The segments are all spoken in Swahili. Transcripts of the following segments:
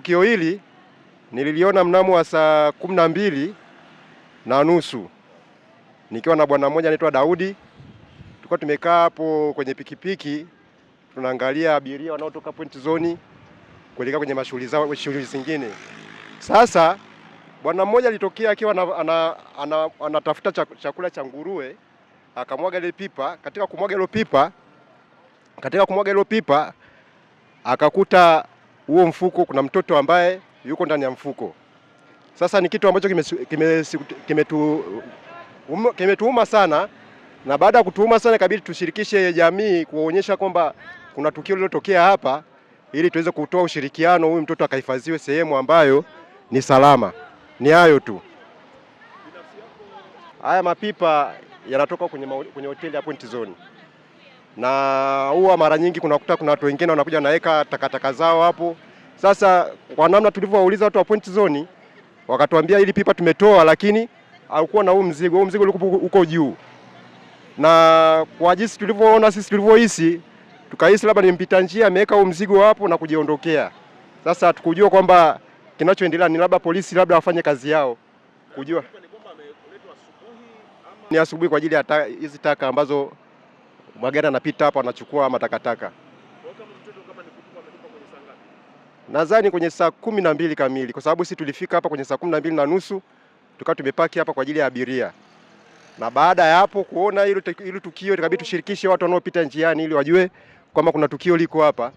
Tukio hili nililiona mnamo wa saa kumi na mbili na nusu nikiwa na bwana mmoja anaitwa Daudi, tulikuwa tumekaa hapo kwenye pikipiki tunaangalia abiria wanaotoka point zoni kuelekea kwenye mashughuli zao shughuli zingine. Sasa bwana mmoja alitokea akiwa anatafuta chakula cha nguruwe akamwaga ile pipa. Katika kumwaga ile pipa, katika kumwaga ile pipa akakuta huo mfuko kuna mtoto ambaye yuko ndani ya mfuko. Sasa ni kitu ambacho kimetuuma kime, kime kime sana, na baada ya kutuuma sana kabidi tushirikishe jamii kuonyesha kwamba kuna tukio lililotokea hapa, ili tuweze kutoa ushirikiano, huyu mtoto akahifadhiwe sehemu ambayo ni salama. Ni hayo tu. Haya mapipa yanatoka kwenye, kwenye hoteli ya Point Zone na huwa mara nyingi kunakuta kuna watu wengine wanakuja wanaweka takataka zao hapo. Sasa kwa namna tulivyowauliza watu wa point zone, wakatuambia ili pipa tumetoa, lakini haukuwa na huu mzigo, huu mzigo ulikuwa uko juu, na kwa jinsi tulivyoona sisi, tulivyohisi tukahisi labda ni mpita njia ameweka huu mzigo hapo na kujiondokea. Sasa tukujua kwamba kinachoendelea ni labda polisi labda wafanye kazi yao kujua ni asubuhi kwa ajili ya hizi taka ambazo magari anapita hapa anachukua matakataka. Nadhani kwenye saa kumi na mbili kamili kwa sababu sisi tulifika hapa kwenye saa kumi na mbili na nusu tukawa tumepaki hapa kwa ajili ya abiria, na baada ya hapo kuona hilo tukio ikabidi tushirikishe watu wanaopita njiani ili wajue kwamba kuna tukio liko hapa,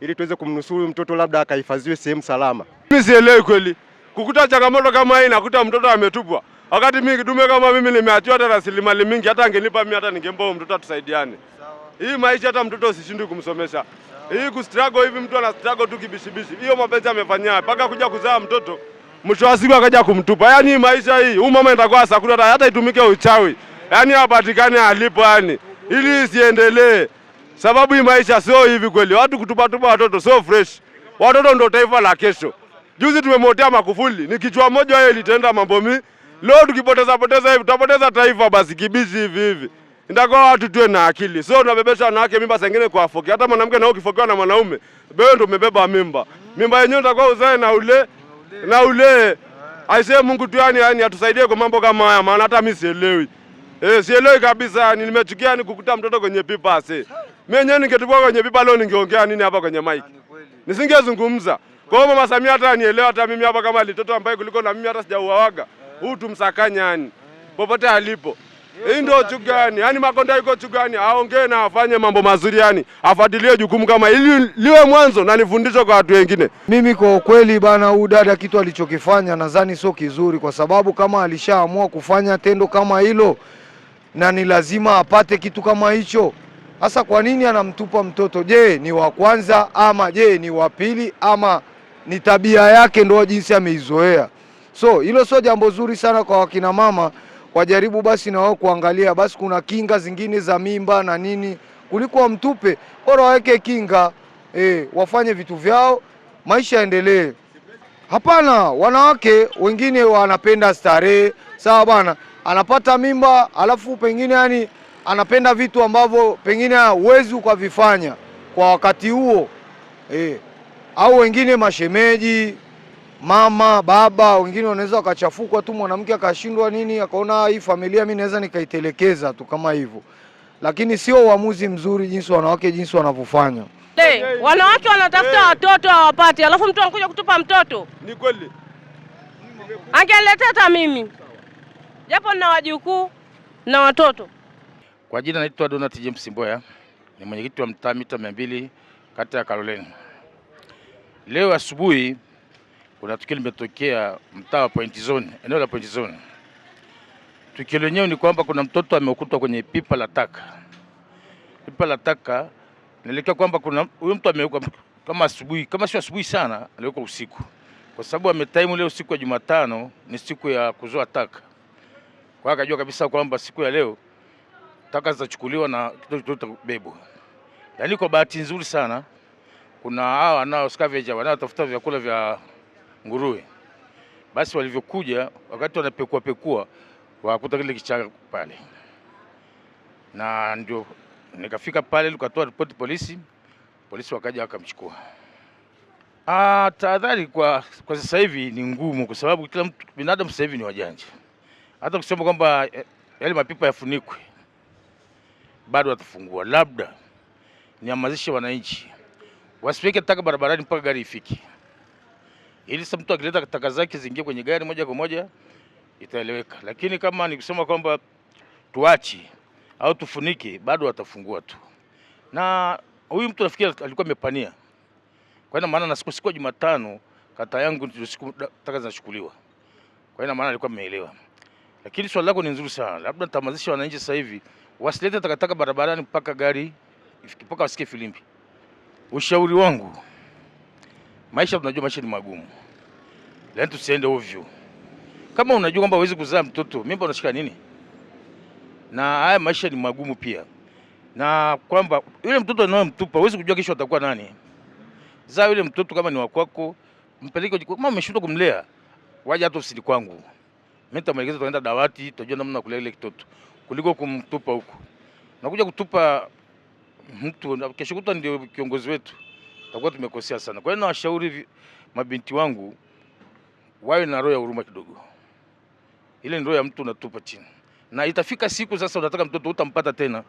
ili tuweze kumnusuru mtoto labda akahifadhiwe sehemu salama. Mimi sielewi kweli kukuta changamoto kama hii, nakuta mtoto ametupwa Wakati mimi kidume kama mimi nimeachiwa hata rasilimali mingi, hata angenipa mimi hata ningempa mtoto atusaidiane. Hii maisha hata mtoto usishindwe kumsomesha. Hii kustruggle hivi mtu ana struggle tu kibishibishi. Hiyo mapenzi amefanyia mpaka kuja kuzaa mtoto. Mwisho wa siku akaja kumtupa. Yaani hii maisha hii, huyu mama itakuwa asakura hata itumike uchawi. Yaani hapatikani alipo yani. Ili isiendelee. Sababu hii maisha sio hivi kweli. Watu kutupa tupa watoto sio fresh. Watoto ndio taifa la kesho. Juzi tumemotea Magufuli. Ni kichwa moja yeye ilitenda mambo mimi. Leo tukipoteza poteza hivi tutapoteza taifa basi kibichi hivi hivi. Ndako watu tuwe na akili. Sio unabebesha wanawake mimba zingine kwa afoki. Hata mwanamke na ukifokiwa na mwanaume, wewe ndio umebeba mimba. Mimba yenyewe utakuwa uzae na ule na ule. Aisee Mungu tu yani yani atusaidie kwa mambo kama haya maana hata mimi sielewi. Eh, sielewi kabisa. Yani Nimechukia ni kukuta mtoto kwenye pipa ase. Mimi yenyewe ningetupwa kwenye pipa leo ningeongea nini hapa kwenye mic? Ah, Nisingezungumza. Kwa hiyo Mama Samia hata anielewa hata mimi hapa kama litoto ambaye kuliko na mimi hata sijauawaga huu tumsakanyani popote alipo. Hii ndio Chugani, yani Makonda yuko Chugani, aongee na afanye mambo mazuri, yani afuatilie jukumu kama ili liwe mwanzo na nifundisho kwa watu wengine. Mimi kwa ukweli bana, huyu dada kitu alichokifanya nadhani sio kizuri, kwa sababu kama alishaamua kufanya tendo kama hilo na ni lazima apate kitu kama hicho. Sasa kwa nini anamtupa mtoto? Je, ni wa kwanza ama je ni wa pili ama ni tabia yake ndio jinsi ameizoea? So hilo sio jambo zuri sana kwa wakina mama, wajaribu basi na wao kuangalia basi kuna kinga zingine za mimba na nini, kuliko wamtupe, bora waweke kinga e, wafanye vitu vyao, maisha yaendelee. Hapana, wanawake wengine wanapenda starehe, sawa bwana, anapata mimba alafu pengine yani anapenda vitu ambavyo pengine huwezi ukavifanya kwa wakati huo e, au wengine mashemeji mama baba, wengine wanaweza wakachafukwa tu, mwanamke akashindwa nini, akaona hii familia mi naweza nikaitelekeza tu kama hivyo, lakini sio uamuzi mzuri jinsi wanawake jinsi wanavyofanya. Hey, wanawake wanatafuta hey, watoto hawapati, alafu mtu anakuja kutupa mtoto. Ni kweli angeleta hata mimi japo na wajukuu na watoto. Kwa jina naitwa Donat James Mboya, ni mwenyekiti wa mtaa mita mia mbili kata ya Kaloleni. Leo asubuhi kuna tukio limetokea mtaa wa Point Zone, eneo la Point Zone. Tukio lenyewe ni kwamba kuna mtoto ameokutwa kwenye pipa la taka. Pipa la taka nilekea kwamba kuna huyo mtu ameokwa kama asubuhi, kama sio asubuhi sana, aliokwa usiku, kwa sababu ametaimu leo siku ya Jumatano ni siku ya kuzoa taka, kwa akajua kabisa kwamba siku ya leo taka zitachukuliwa na kitoto kubebwa. Yaani, kwa bahati nzuri sana kuna hawa wanao scavenge wanao tafuta vyakula vya nguruwe. Basi walivyokuja wakati wanapekua pekua, wakakuta kile kichaka pale, na ndio nikafika pale, nikatoa ripoti polisi, polisi wakaja wakamchukua. Ah, tahadhari kwa, kwa sasa hivi ni ngumu, kwa sababu kila mtu binadamu sasa hivi ni wajanja. Hata kusema kwamba eh, yale mapipa yafunikwe, bado watafungua, labda nihamasishe wananchi wasiweke taka barabarani mpaka gari ifike ili sasa mtu akileta taka zake ziingie kwenye gari moja kwa moja itaeleweka, lakini kama nikusema kwamba tuachi au tufunike, bado watafungua tu, na huyu mtu nafikiri alikuwa amepania kwa ina maana, na siku siku Jumatano kata yangu ndio siku taka zinachukuliwa, kwa ina maana alikuwa ameelewa. Lakini swali lako ni nzuri sana, labda nitamazisha wananchi sasa hivi wasilete takataka barabarani mpaka gari mpaka wasikie filimbi. Ushauri wangu maisha, tunajua maisha ni magumu, lakini tusiende ovyo. Kama unajua kwamba huwezi kuzaa mtoto, mimba unashika nini? Na haya maisha ni magumu pia, na kwamba yule mtoto anayemtupa huwezi kujua kesho atakuwa nani. Zaa yule mtoto kama ni wakwako, mpeleke. Kama umeshindwa kumlea, waje hata ofisini kwangu, mimi nitamwelekeza, tunaenda dawati, tutajua namna kulea ile kitoto kuliko kumtupa huko. Nakuja kutupa mtu kesho kutwa ndio kiongozi wetu tutakuwa tumekosea sana. Kwa hiyo nawashauri mabinti wangu wawe na roho ya huruma kidogo, ile ni roho ya mtu unatupa chini, na itafika siku sasa, unataka mtoto utampata tena.